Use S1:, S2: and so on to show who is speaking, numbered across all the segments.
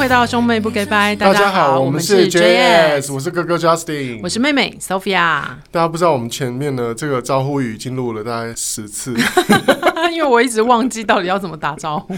S1: 回到兄妹不給拜，大家,大家好，我們是 j s
S2: 我是哥哥 Justin，我
S1: 是妹妹 Sophia。
S2: 大家不知道我們前面的這個招呼語已經錄了大概十次，
S1: 因為我一直忘記到底要怎麼打招呼。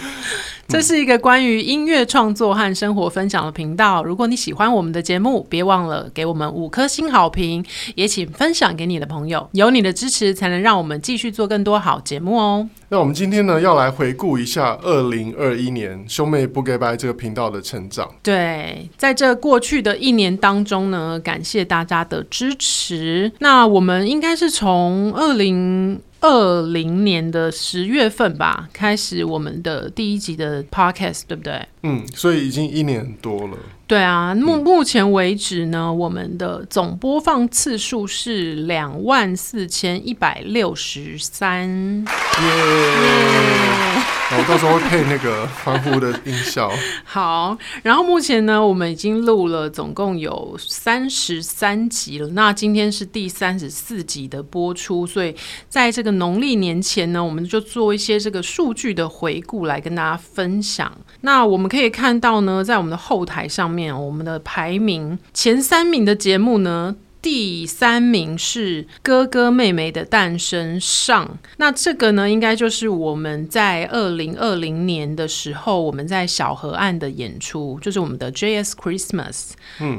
S1: 這是一個關於音樂創作和生活分享的頻道。如果你喜歡我們的節目，別忘了給我們五顆星好評，也請分享給你的朋友。有你的支持，才能讓我們繼續做更多好節目哦。那
S2: 我們今天呢，要來回顧一下二零二一年《兄妹不假掰》這個頻道的成長。
S1: 對，在這過去的一年當中呢，感謝大家的支持。那我們應該是從二零二零年的十月份吧，開始我們的第一集的 podcast，對不對？嗯，
S2: 所以已經一年多了。
S1: 對啊，目目前為止呢，嗯、我們的總播放次數是兩萬四千一百六十三。
S2: Yeah 哦，我到時候會配那個歡呼的音效。
S1: 好，然後目前呢，我們已經錄了總共有三十三集了。那今天是第三十四集的播出，所以在這個農曆年前呢，我們就做一些這個數據的回顧，來跟大家分享。那我們可以看到呢，在我們的後台上面，我們的排名前三名的節目呢。第三名是《哥哥妹妹的誕生》上，那這個呢，應該就是我們在二零二零年的時候，我們在小河岸的演出，就是我們的 JS Christmas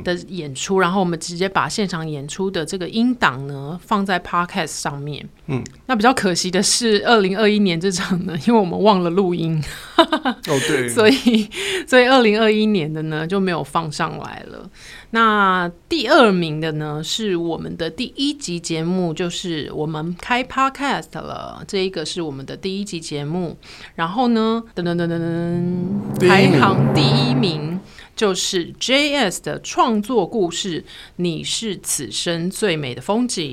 S1: 的演出，嗯、然後我們直接把現場演出的這個音檔呢放在 Podcast 上面。嗯，那比較可惜的是，二零二一年這場呢，因為我們忘了錄音，
S2: 哦、 oh, 對，所以，
S1: 所以二零二一年的呢就沒有放上來了。那第二名的呢，是我們的第一集節目，就是我們開 Podcast 了，這一個是我們的第一集節目，然後呢，噔噔噔噔噔，排行第一名。就是 JS 的創作故事，你是此生最美的風景。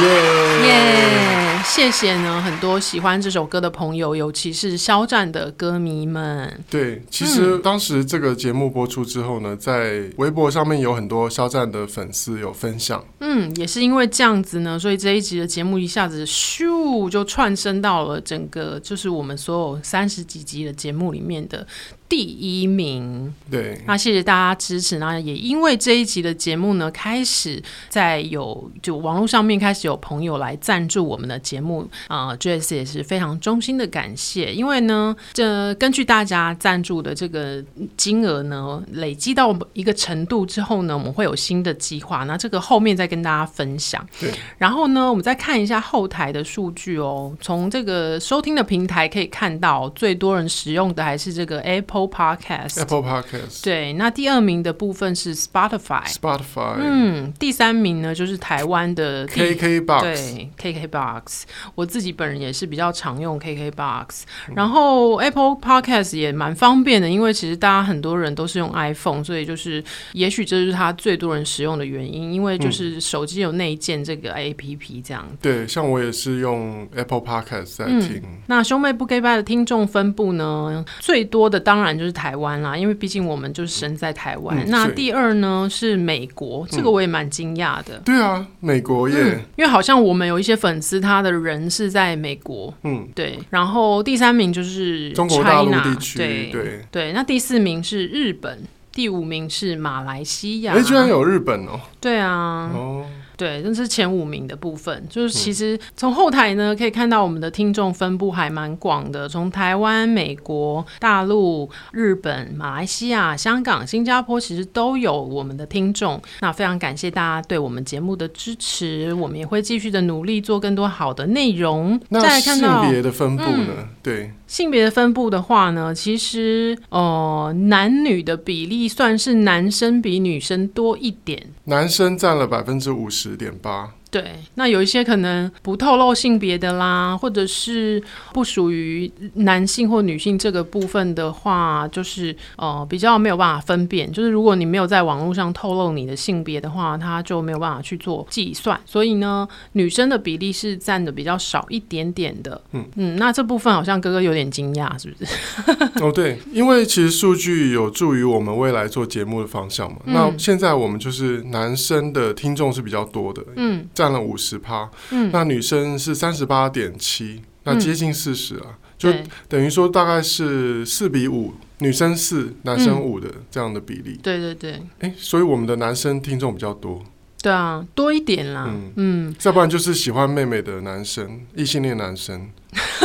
S1: 耶，耶 Yeah、yeah。謝謝呢，很多喜歡這首歌的朋友，尤其是肖戰的歌迷們。
S2: 對，其實當時這個節目播出之後呢，嗯、在微博上面有很多肖戰的粉絲有分享。
S1: 嗯，也是因為這樣子呢，所以這一集的節目一下子咻就竄升到了整個，就是我們所有三十幾集的節目裡面的。第一名，對，那謝謝大家支持。那也因為這一集的節目呢，開始在有就網絡上面開始有朋友來贊助我們的節目啊，呃，JS 也是非常衷心的感謝。因為呢，這根據大家贊助的這個金額呢，累積到一個程度之後呢，我們會有新的計劃。那這個後面再跟大家分享。對。然後呢，我們再看一下後台的數據哦。從這個收聽的平台可以看到，最多人使用的還是這個 Apple。Apple Podcast，Apple Podcast，Apple
S2: Podcast
S1: 對，那第二名的部分是 Spotify，Spotify，嗯，第三名呢就是台灣的 KK K Box，對，KK Box，我自己本人也是比較常用 KK Box，嗯、然後 Apple Podcast 也蠻方便的，因為其實大家很多人都是用 iPhone，所以就是也許這就是它最多人使用的原因，因為就是手機有內建這個 APP 這樣。
S2: 嗯、對，像我也是用 Apple Podcast 在聽、
S1: 嗯。那兄妹不 gay bye 的聽眾分布呢？最多的當然。然就是台灣啦，因為畢竟我們就是生在台灣。嗯、那第二呢對是美國，這個我也蠻驚訝的、嗯。對啊，
S2: 美國耶、嗯！因為
S1: 好像我們有一些粉絲，他的人是在美國。嗯，對。然後第三名就是 China, 中國大陸地區，對對對。那第四名是日本，第五名是馬來西亞。哎、欸，居然有日本哦！對啊，oh. 對，這是前五名的部分。就是其實從後台呢，可以看到，我們的聽眾分布還蠻廣的。從台灣、美國、大陸、日本、馬來西亞、香港、新加坡，其實都有我們的聽眾。那非常感謝大家對我們節目的支持，我們也會繼續的努力做更多好的內容。
S2: 再來看到那性別的分布呢？嗯、對，
S1: 性別的分布的話呢，其實呃，男女的比例算是男生比女生多一點，
S2: 男生占了百分之五十。十點八。
S1: 對，那有一些可能不透露性別的啦，或者是不屬於男性或女性這個部分的話，就是呃比較沒有辦法分辨。就是如果你沒有在網絡上透露你的性別的話，他就沒有辦法去做計算。所以呢，女生的比例是占的比較少一點點的。嗯嗯，那這部分好像哥哥有點驚訝，是不
S2: 是？ 哦，對，因為其實數據有助於我們未來做節目的方向嘛。嗯、那現在我們就是男生的聽眾是比較多的。嗯。佔了五十趴，嗯，那女生是三十八點七，那接近四十啊，嗯、就等於說大概是四比五，女生四，男生五的這樣的比例，嗯、對對對、欸，所以我們的男生聽眾比較多，
S1: 對啊，多一點啦，嗯，
S2: 要、嗯、不然就是喜歡妹妹的男生，異性戀男生，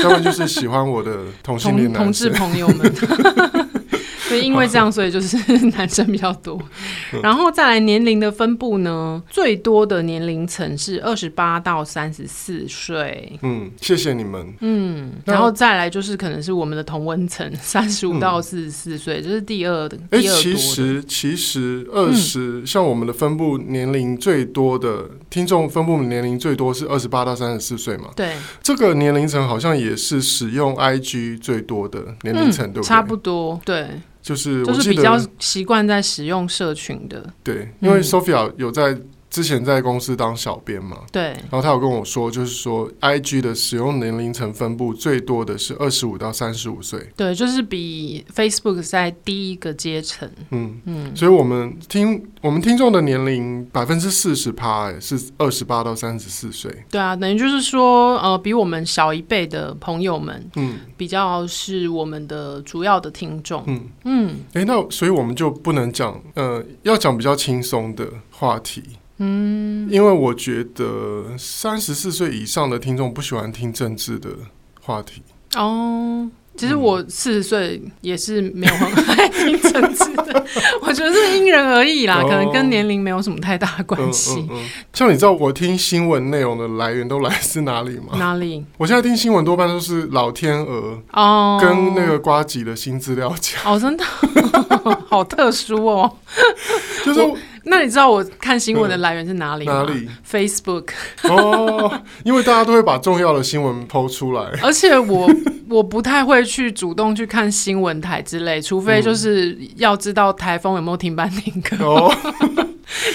S2: 要 不然就是喜歡我的同性戀男生同、同志朋友
S1: 們。 所以因為這樣，所以就是男生比較多，然後再來年齡的分布呢，最多的年齡層是二十八到三十四歲。
S2: 嗯，謝謝你們。
S1: 嗯，然後再來就是可能是我們的同溫層，三十五到四十四歲，這是第二，第二的、欸。其實
S2: 其實二十像我們的分布年齡最多的、嗯、聽眾分布年齡最多是二十八到三十四歲嘛？對，這個年齡層好像也是使用 IG 最多的年齡層，對不對、嗯、差不
S1: 多，對。就是我就是比較習慣在使用社群的，
S2: 對，因為、嗯、Sophia 有在。之前在公司當小編嘛，對，然後他有跟我說，就是說，IG 的使用年齡層分布最多的是二十五到三十五歲，
S1: 對，就是比 Facebook 在低一個階層，嗯嗯，
S2: 嗯，所以我們聽我們聽眾的年齡百分之四十趴欸，是二十八到三十四歲，
S1: 對啊，等於就是說，呃，比我們小一輩的朋友們，嗯，比較是我們的主
S2: 要的聽眾，嗯嗯，哎、嗯欸，那所以我們就不能講，呃，要講比較輕鬆的話題。嗯，因為我覺得三十四歲以上的聽眾不喜歡聽政治的話題哦。
S1: 其實我四十歲也是沒有很愛聽政治的。 我覺得是因人而異啦，哦、可能跟年齡沒有什麼太大的關係、嗯嗯嗯。
S2: 像你知道我聽新聞內容的來源都來自哪裡嗎？哪裡？我現在聽新聞多半都是老天鵝哦，跟那個呱吉的新資料夾、哦。好、哦，真的 好特殊哦，
S1: 就是我。那你知道我看新聞的來源是哪裡嗎？哪裡？Facebook 哦，oh,
S2: 因為大家都會把重要的新聞 PO 出來。而
S1: 且我 我不太會去主動去看新聞台之類，除非就是要知道台風有沒有停班停課。Oh.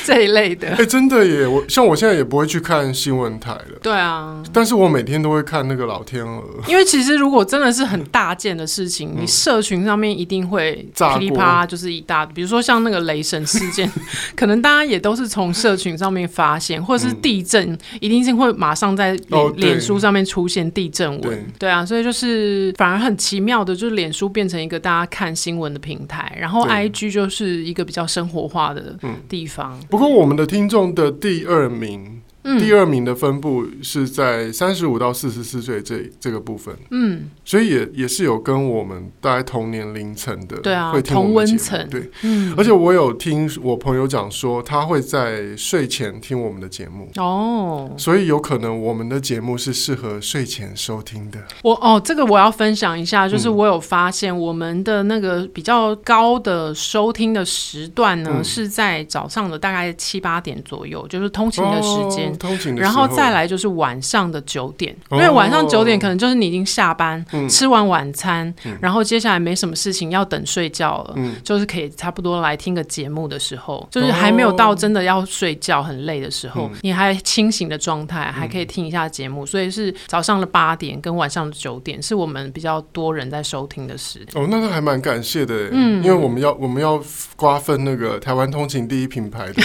S1: 這一類的，哎、欸，
S2: 真的耶！我像我現在也不會去看新聞台了。
S1: 對啊，
S2: 但是我每天都會看那個老天鵝，
S1: 因為其實如果真的是很大件的事情，嗯、你社群上面一定會噼哩啪啦就是一大，國比如說像那個雷神事件， 可能大家也都是從社群上面發現，或者是地震，嗯、一定是會馬上在臉、哦、臉書上面出現地震文。對，對啊，所以就是反而很奇妙的，就是臉書變成一個大家看新聞的平台，然後 IG 就是一個比較生活化的地方。對嗯
S2: 不過，我們的聽眾的第二名。第二名的分佈是在三十五到四十四歲這這個部分，嗯，所以也也是有跟我們大概同年齡層的，對啊，同溫層對，嗯，而且我有聽我朋友講說，他會在睡前聽我們的節目哦，所以有可能我們的節目是適合睡前收聽的。
S1: 我哦，這個我要分享一下，就是我有發現我們的那個比較高的收聽的時段呢，嗯，是在早上的大概七八點左右，就是通勤的時間。哦然後再來就是晚上的九點，因為晚上九點可能就是你已經下班，吃完晚餐，然後接下來沒什麼事情，要等睡覺了，就是可以差不多來聽個節目的時候，就是還沒有到真的要睡覺很累的時候，你還清醒的狀態還可以聽一下節目，所以是早上的八點跟晚上的九點是我們比較多人在收聽的時間。哦，那
S2: 個還蠻感謝的，嗯，因為我們要我們要瓜分那個台灣通勤第一品牌的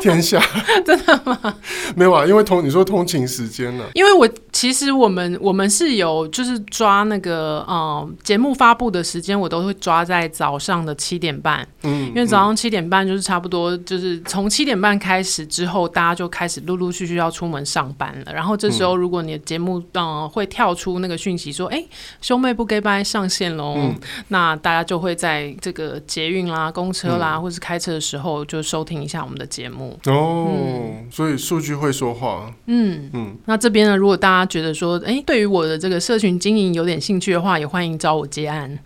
S2: 天下，真的嗎？沒有啊，因為同你說通勤時間了，
S1: 因為我其實我們我們是有就是抓那個呃節目發布的時間，我都會抓在早上的七點半，嗯，嗯因為早上七點半就是差不多就是從七點半開始之後，大家就開始陸陸續續，續要出門上班了，然後這時候如果你的節目嗯、呃、會跳出那個訊息說，哎，兄妹不假掰上線嘍，嗯、那大家就會在這個捷運啦、公車啦，嗯、或是開車的時候就收聽一下
S2: 我們的節目哦，嗯、所以數。會說話，嗯嗯，嗯
S1: 那這邊呢，如果大家覺得說，哎，對於我的這個社群經營有點興趣的話，也歡迎找我接案。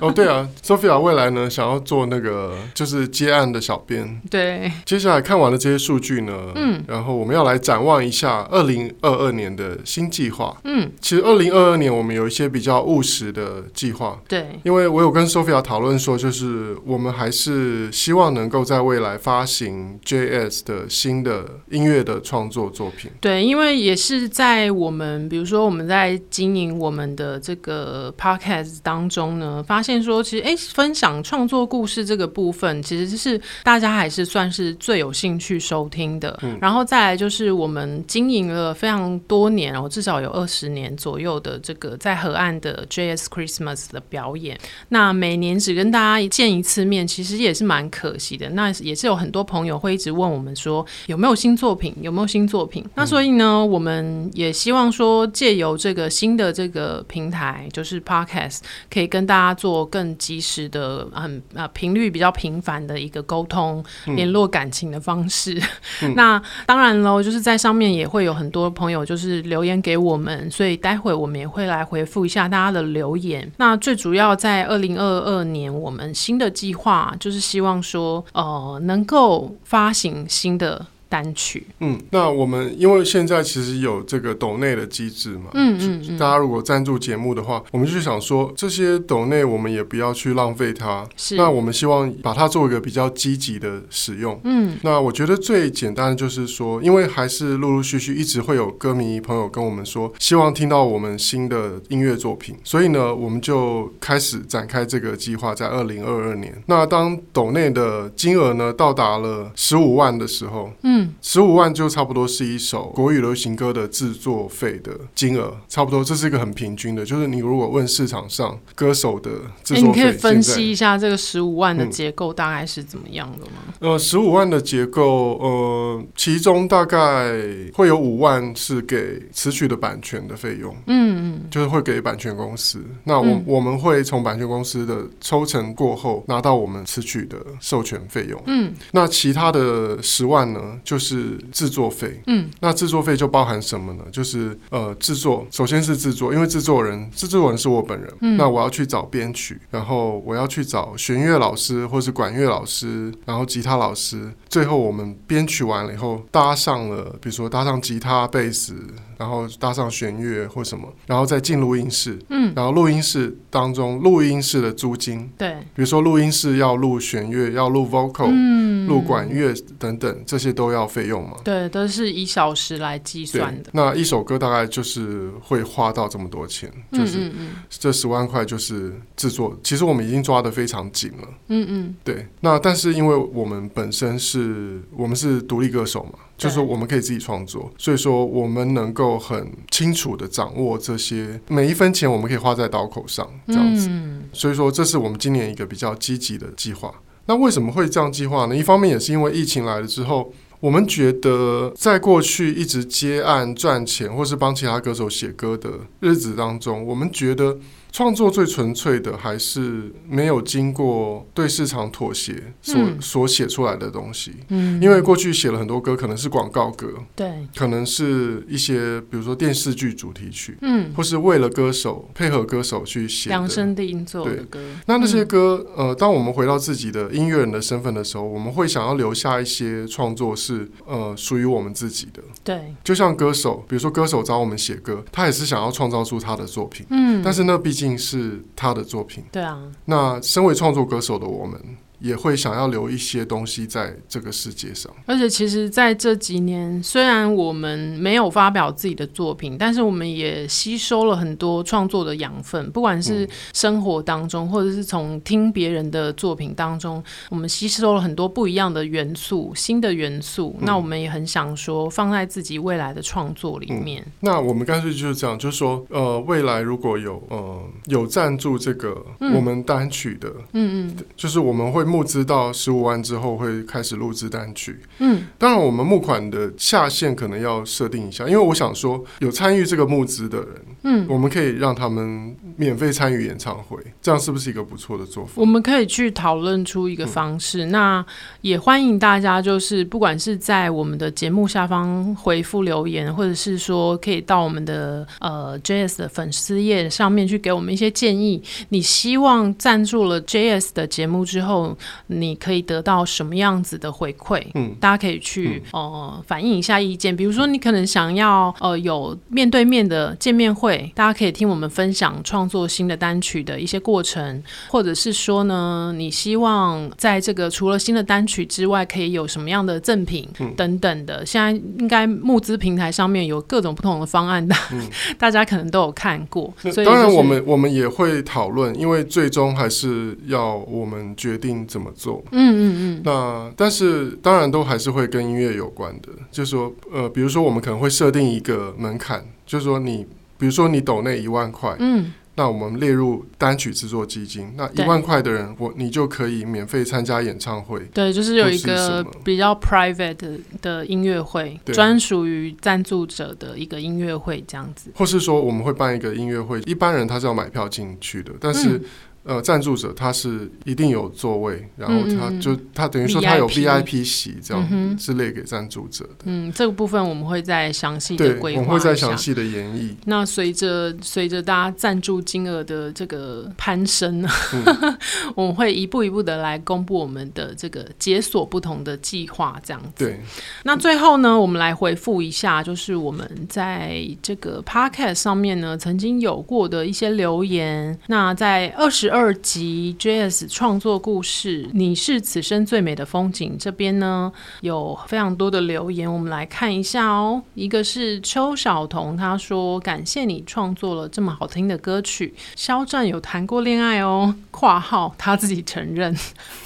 S2: 哦 ，oh, 對啊，Sophia 未來呢，想要做那個就是接案的小編。
S1: 對，
S2: 接下來看完了這些數據呢，嗯，然後我們要來展望一下二零二二年的新計劃。嗯，其實二零二二年我們有一些比較務實的計劃。對，因為我有跟 Sophia 討論說，就是我們還是希望能夠在未來發行 JS 的新的音樂。的創作作品
S1: 對，因為也是在我們比如說我們在經營我們的這個 podcast 當中呢，發現說其實哎，分享創作故事這個部分其實是大家還是算是最有興趣收聽的。嗯，然後再來就是我們經營了非常多年，然後至少有二十年左右的這個在河岸的 JS Christmas 的表演，那每年只跟大家一見一次面，其實也是蠻可惜的。那也是有很多朋友會一直問我們說有沒有新作品。有沒有新作品？嗯、那所以呢，我們也希望說，借由這個新的這個平台，就是 Podcast，可以跟大家做更及時的、很啊頻率比較頻繁的一個溝通、嗯、聯絡感情的方式。嗯、 那當然嘍，就是在上面也會有很多朋友就是留言給我們，所以待會我們也會來回復一下大家的留言。那最主要在二零二二年，我們新的計劃就是希望說，呃，能夠發行新的。單曲，
S2: 嗯，那我們因為現在其實有這個抖內的機制嘛，嗯，嗯嗯，大家如果贊助節目的話，我們就想說這些抖內我們也不要去浪費它，是那我們希望把它做一個比較積極的使用，嗯，那我覺得最簡單的就是說，因為還是陸陸續續一直會有歌迷朋友跟我們說希望聽到我們新的音樂作品，所以呢，我們就開始展開這個計劃，在二零二二年，那當抖內的金額呢到達了十五萬的時候，嗯。十五萬就差不多是一首國語流行歌的制作費的金額，差不多，這是一個很平均的。就是你如果問市場上歌手的制作費，那你可以分析一
S1: 下這個十五萬的結構大概是怎麼樣的嗎？
S2: 嗯、呃，十五萬的結構，呃，其中大概會有五萬是給詞曲的版權的費用，嗯，嗯，嗯，嗯，嗯，就是會給版權公司。那我們嗯嗯嗯我們會從版權公司的抽成過後拿到我們詞曲的授權費用，嗯，那其他的十萬呢？就是製作費，嗯，那製作費就包含什麼呢？就是呃，製作首先是製作，因為製作人，製作人是我本人，嗯，那我要去找編曲，然後我要去找弦樂老師或是管樂老師，然後吉他老師，最後我們編曲完了以後搭上了，比如說搭上吉他、貝斯。然後搭上弦樂或什麼，然後再進錄音室。嗯，然後錄音室當中，錄音室的租金，對，比如說錄音室要錄弦樂，要錄 vocal，嗯，錄管樂等等，這些都要費用嘛，
S1: 對，都是以小時來計算的。那一
S2: 首歌大概就是會花到這麼多錢，嗯，就是這十萬塊就是制作。其實我們已經抓得非常緊了。嗯嗯，對。那但是因為我們本身是我們是獨立歌手嘛。就是說我們可以自己創作，所以說我們能夠很清楚地掌握這些每一分錢，我們可以花在刀口上這樣子。嗯，所以說，這是我們今年一個比較積極的計劃。那為什麼會這樣計劃呢？一方面也是因為疫情來了之後，我們覺得在過去一直接案賺錢，或是幫其他歌手寫歌的日子當中，我們覺得。創作最純粹的還是沒有經過對市場妥協所、嗯、所寫出來的東西，嗯，因為過去寫了很多歌，可能是廣告歌，對，可能是一些比如說電視劇主題曲，嗯，或是為了歌手配合歌手去寫的量
S1: 身訂做的
S2: 歌，對、嗯、那那些歌，呃，當我們回到自己的音樂人的身份的時候，我們會想要留下一些創作是呃屬於我們自己的，對，就像歌手，比如說歌手找我們寫歌，他也是想要創造出他的作品，嗯，但是那畢竟。竟是他的作品。對啊，那身為創作歌手的我們。也會想要留一些東西在這個世界上，
S1: 而且其實，在這幾年，雖然我們沒有發表自己的作品，但是我們也吸收了很多創作的養分，不管是生活當中，嗯、或者是從聽別人的作品當中，我們吸收了很多不一樣的元素、新的元素。那我們也很想說，放在自己未來的創作裡面。嗯
S2: 嗯、那我們乾脆就是這樣，就是說，呃，未來如果有呃有贊助這個我們單曲的，嗯，嗯嗯，就是我們會。募資到十五萬之後，會開始錄製單曲。嗯，當然，我們募款的下限可能要設定一下，因為我想說，有參與這個募資的人，嗯，我們可以讓他們免費參與演唱會，這樣是不是一個不錯的做法？我
S1: 們可以去討論出一個方式。嗯、那也歡迎大家，就是不管是在我們的節目下方回復留言，或者是說可以到我們的呃 JS 的粉絲頁上面去給我們一些建議。你希望贊助了 JS 的節目之後，你可以得到什麼樣子的回饋？嗯，大家可以去、嗯、呃反映一下意見。比如說，你可能想要呃有面對面的見面會，大家可以聽我們分享創作新的單曲的一些過程，或者是說呢，你希望在這個除了新的單曲之外，可以有什麼樣的贈品、嗯、等等的。現在應該募資平台上面有各種不同的方案的、嗯、大家可能都有看過。嗯、所以、就是、當然，我們
S2: 我們也會討論，因為最終還是要我們決定怎麼做？嗯嗯嗯。那但是當然都還是會跟音樂有關的，就是說呃，比如說我們可能會設定一個門檻，就是說你比如說你抖內一萬塊，嗯，那我們列入單曲制作基金，那一萬塊的人我你就可以免費參加演唱會。對，就是有一個
S1: 比較 private 的音樂會，專屬於贊助者的一個音樂會這樣
S2: 子。或是說我們會辦一個音樂會，一般人他是要買票進去的，但是。呃，贊助者他是一定有座位，嗯、然後他就他等於說他有 VIP 席這樣、嗯、哼之類，給贊助者
S1: 的。嗯，這個部分我們會再詳細的規劃，我們會再詳細
S2: 的演繹。
S1: 那隨着隨着大家贊助金額的這個攀升呢，嗯、 我們會一步一步的來公布我們的這個解鎖不同的計劃，這樣子。對。那最後呢，我們來回復一下，就是我們在這個 Podcast 上面呢曾經有過的一些留言。那在二十。二集 JS 創作故事，你是此生最美的風景。這邊呢有非常多的留言，我們來看一下哦。一個是邱曉彤，她說：“感謝你創作了這麼好聽的歌曲。”肖戰有談過戀愛哦，括號他自己承認。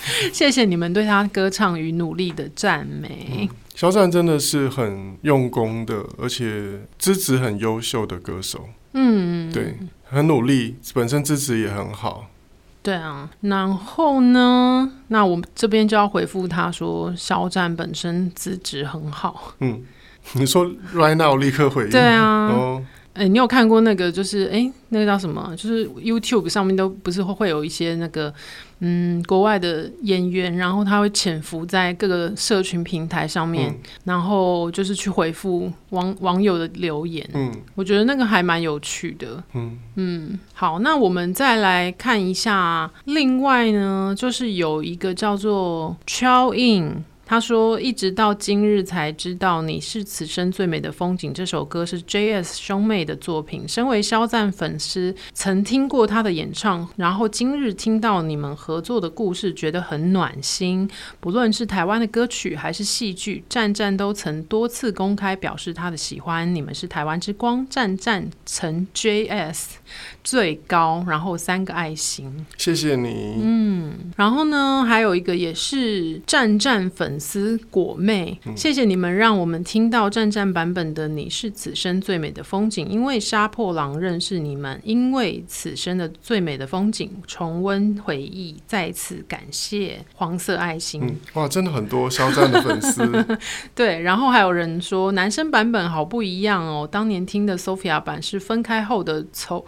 S1: 謝謝你們對他歌唱與努力的讚美。
S2: 肖戰、嗯、真的是很用功的，而且資質很優秀的歌手。嗯
S1: 嗯，對，
S2: 很努力，本身資質也很好。
S1: 對啊，然後呢？那我這邊就要回復他說，肖戰本身資質很好。
S2: 嗯，你說 right now 立刻回應？對啊。Oh.
S1: 哎、欸，你有看過那個？就是哎、欸，那個叫什麼？就是 YouTube 上面都不是會會有一些那個，嗯，國外的演員，然後他會潛伏在各個社群平台上面，嗯、然後就是去回復網網友的留言。嗯，我覺得那個還蠻有趣的。嗯嗯，好，那我們再來看一下，另外呢，就是有一個叫做 Chow In。他說：“一直到今日才知道你是此生最美的風景。”這首歌是 JS 兄妹的作品。身為肖戰粉絲，曾聽過他的演唱，然後今日聽到你們合作的故事，覺得很暖心。不論是台灣的歌曲還是戲劇，戰戰都曾多次公開表示他的喜歡。你們是台灣之光，戰戰成 JS。最高，然後三個愛心，
S2: 謝謝你。嗯，
S1: 然後呢，還有一個也是戰戰粉絲果妹，嗯、謝謝你們讓我們聽到戰戰版本的你是此生最美的風景。因為殺破狼認識你們，因為此生的最美的風景，重溫回憶，再次感謝黃色愛心、嗯。
S2: 哇，真的很多肖戰的粉絲。
S1: 對，然後還有人說男生版本好不一樣哦，當年聽的 Sophia 版是分開後的從，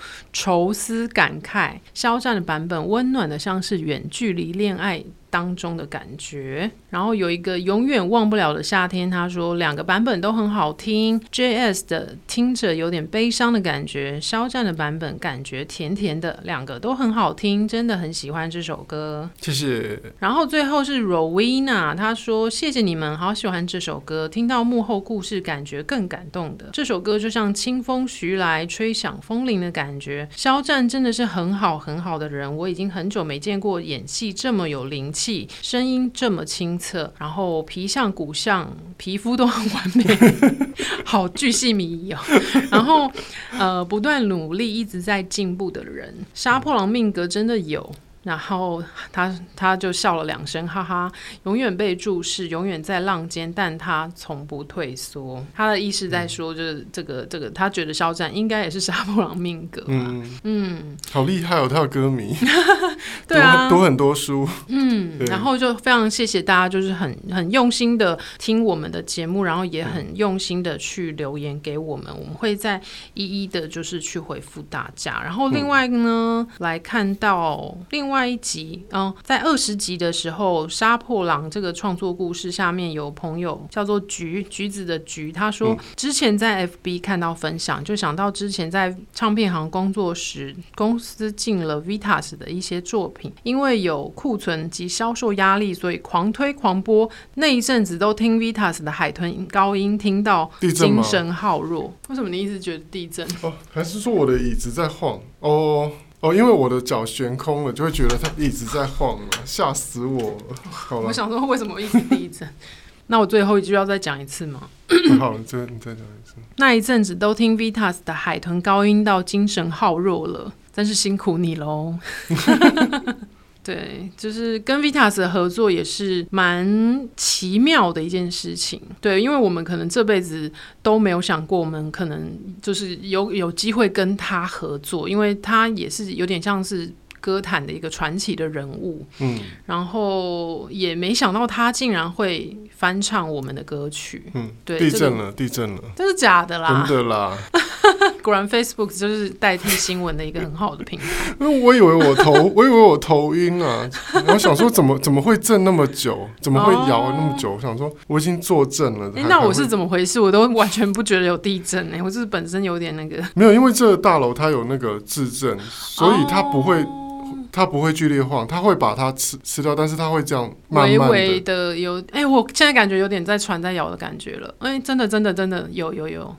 S1: 愁思感慨，肖戰的版本溫暖得像是遠距離戀愛當中的感覺，然後有一個永遠忘不了的夏天。他說兩個版本都很好聽，JS 的聽着有點悲傷的感覺，肖戰的版本感覺甜甜的，兩個都很好聽，真的很喜歡這首歌。謝
S2: 謝，就是。
S1: 然後最後是 Rowena 他說謝謝你們，好喜歡這首歌，聽到幕後故事感覺更感動的。這首歌就像清風徐來，吹響風鈴的感覺。肖戰真的是很好很好的人，我已經很久沒見過演戲這麼有靈氣聲音這麼清澈，然後皮相骨相皮膚都很完美， 好巨細靡遺哦。然後呃，不斷努力一直在進步的人，殺破狼命格真的有。然後他他就笑了兩聲，哈哈，永遠被注視，永遠在浪尖，但他從不退縮。他的意思在說，就是這個、嗯、這個，他覺得肖戰應該也是殺破狼命格吧？
S2: 嗯嗯，嗯，好厲害哦，他的歌迷，
S1: 哈哈，對啊，讀很多
S2: 書，嗯。對然後
S1: 就非常謝謝大家，就是很很用心的聽我們的節目，然後也很用心的去留言給我們，我們會再一一的，就是去回復大家。然後另外呢，嗯、來看到另外。那一集、嗯、在二十集的時候，《殺破狼》這個創作故事下面有朋友叫做菊“橘橘子”的橘，他說、嗯、之前在 FB 看到分享，就想到之前在唱片行工作時，公司進了 Vitas 的一些作品，因為有庫存及銷售壓力，所以狂推狂播。那一陣子都聽 Vitas 的海豚音高音，聽到精神耗弱。為什麼你一直覺得地
S2: 震？哦，還是說我的椅子在晃？哦、oh.。哦，因為我的腳懸空了，就會覺得它一直在晃嘛，嚇 死我了！好了，我想
S1: 說為什麼一直地震？ 那我最後一句要再講一次嗎？ 哦，
S2: 好，你再講一次。
S1: 那一陣子都聽 Vitas 的海豚高音到精神耗弱了，真是辛苦你嘍。 對，就是跟 Vitas 的合作也是蠻奇妙的一件事情。對，因為我們可能這輩子都沒有想過，我們可能就是有有機會跟他合作，因為他也是有點像是歌壇的一個傳奇的人物。嗯，然後也沒想到他竟然會翻唱我們的歌曲。嗯，
S2: 對，地震了，這個、地震了，這
S1: 是假的啦，真的啦。 果然，Facebook 就是代替新聞的一個很好的平
S2: 台。因為我以為我頭，我以為我頭暈啊！ 我想說怎，怎麼怎麼會震那麼久？怎麼會搖那麼久？哦、我想說，我已經坐正了。哎、欸會欸，那我是怎麼
S1: 回事？我都完全不覺得有地震呢、欸。 我就是本身有點那個。
S2: 沒有，因為這個大樓它有那個制震，所以它不會、哦、它不會劇烈晃，它會把它吃吃掉，但是它會這樣慢慢的。微微
S1: 的有哎、欸，我現在感覺有點在船在搖的感覺了。哎、欸，真的真的真的有有有。有有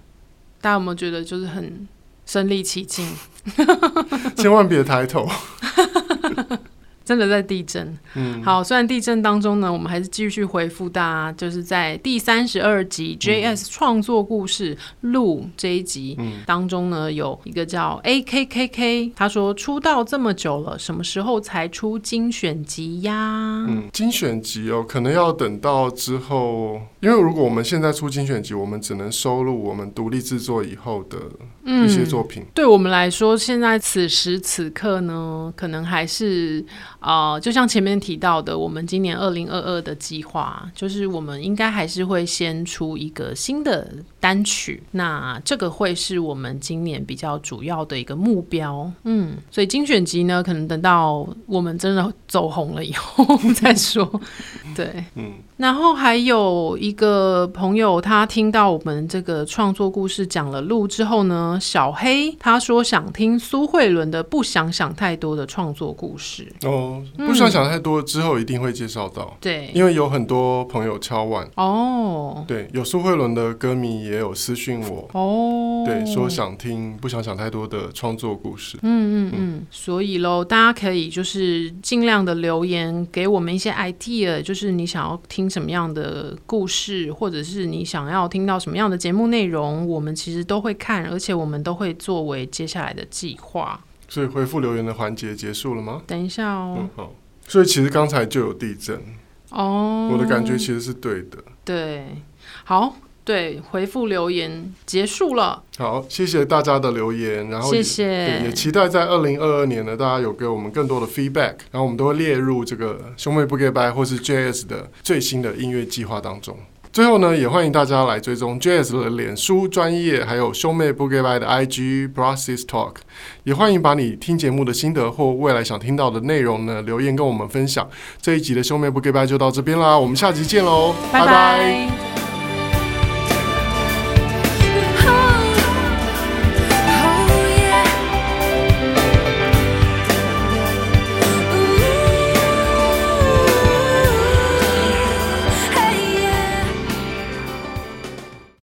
S1: 大家有沒有覺得就是很身臨其境？ 千
S2: 萬別抬頭，
S1: 真的在地震。嗯，好，雖然地震當中呢，我們還是繼續回復大家。就是在第三十二集 JS 創作故事錄、嗯、這一集、嗯、當中呢，有一個叫 AKKK，他說出道這麼久了，什麼時候才出精選集呀？
S2: 嗯，精選集哦，可能要等到之後。因為如果我們現在出精選集，我們只能收錄我們獨立製作以後的一些作品、嗯。
S1: 對我們來說，現在此時此刻呢，可能還是啊、呃，就像前面提到的，我們今年二零二二的計劃，就是我們應該還是會先出一個新的單曲。那這個會是我們今年比較主要的一個目標。嗯，所以精選集呢，可能等到我們真的走紅了以後再說。 對，嗯，然後還有一個。一個朋友，他聽到我們這個創作故事講了路之後呢，小黑他說想聽蘇慧倫的《不想想太多》的創作故事
S2: 哦，oh, 不想想太多之後一定會介紹到、嗯，對，因為有很多朋友敲碗哦，oh. 對，有蘇慧倫的歌迷也有私訊我哦，oh. 對，說想聽《不想想太多》的創作故事，嗯
S1: 嗯嗯，嗯所以嘍，大家可以就是儘量的留言給我們一些 idea，就是你想要聽什麼樣的故事。是，或者是你想要聽到什麼樣的節目內容，我們其實都會看，而且我們都會作為接下來的計劃。
S2: 所以回復留言的環節結束了嗎？
S1: 等一下哦、嗯。
S2: 好，所以其實剛才就有地震
S1: 哦。Oh, 我的感覺其
S2: 實是對的。
S1: 對，好。對，回覆留言結束了。
S2: 好，謝謝大家的留言，然後謝謝，也期待在二零二二年呢，大家有給我們更多的 feedback，然後我們都會列入這個兄妹不假掰或是 J S 的最新的音樂計劃當中。最後呢，也歡迎大家來追蹤 J S 的臉書專頁，還有兄妹不假掰的 I G Bro Sis Talk，也歡迎把你聽節目的心得或未來想聽到的內容呢，留言跟我們分享。這一集的兄妹不假掰就到這邊啦，我們下集見嘍，拜拜。拜拜。